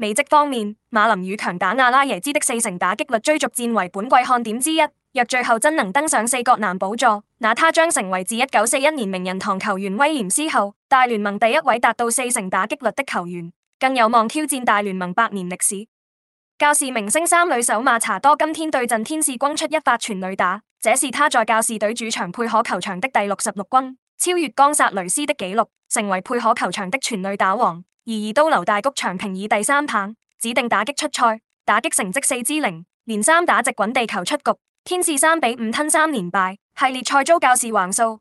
美職方面，馬林與強打亞拉耶茲的四成打擊率追逐戰為本季看點之一。若最後真能登上四角男寶座，那他將成為自一九四一年名人堂球員威廉斯後，大聯盟第一位達到四成打擊率的球員，更有望挑戰大聯盟百年歷史。教士明星三壘手馬查多今天對陣天使轟出一發全壘打，這是他在教士隊主場佩可球場的第六十六轟，超越岡薩雷斯的紀錄，成為佩可球場的全壘打王。而二刀流大谷翔平以第三棒指定打擊出賽，打擊成績四之零，0, 連三打直滾地球出局。天使三比五吞三連敗，系列賽遭教士橫掃。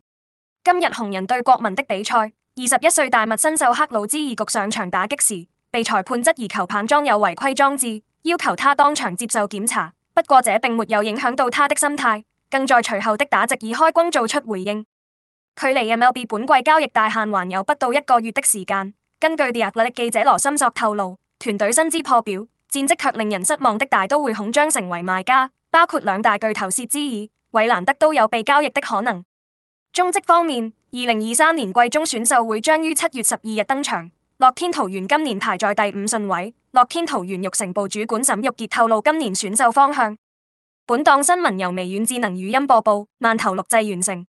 今日紅人對國民的比賽，二十一歲大麥新秀克魯茲二局上場打擊時，被裁判質疑球棒裝有違規裝置，要求他當場接受檢查。不過這並沒有影響到他的心態，更在隨後的打直以開光做出回應。距離 MLB 本季交易大限還有不到一個月的時間。根據《The Athletic》記者羅森索透露，團隊薪資破表，戰績卻令人失望的大都會恐將成為賣家，包括兩大巨頭謝之爾、韋蘭德都有被交易的可能。中職方面，二零二三年季中選秀會將於七月十二日登場。樂天桃園今年排在第五順位。樂天桃園育成部主管沈玉杰透露，今年選秀方向。本檔新聞由微軟智能語音播報，慢頭錄製完成。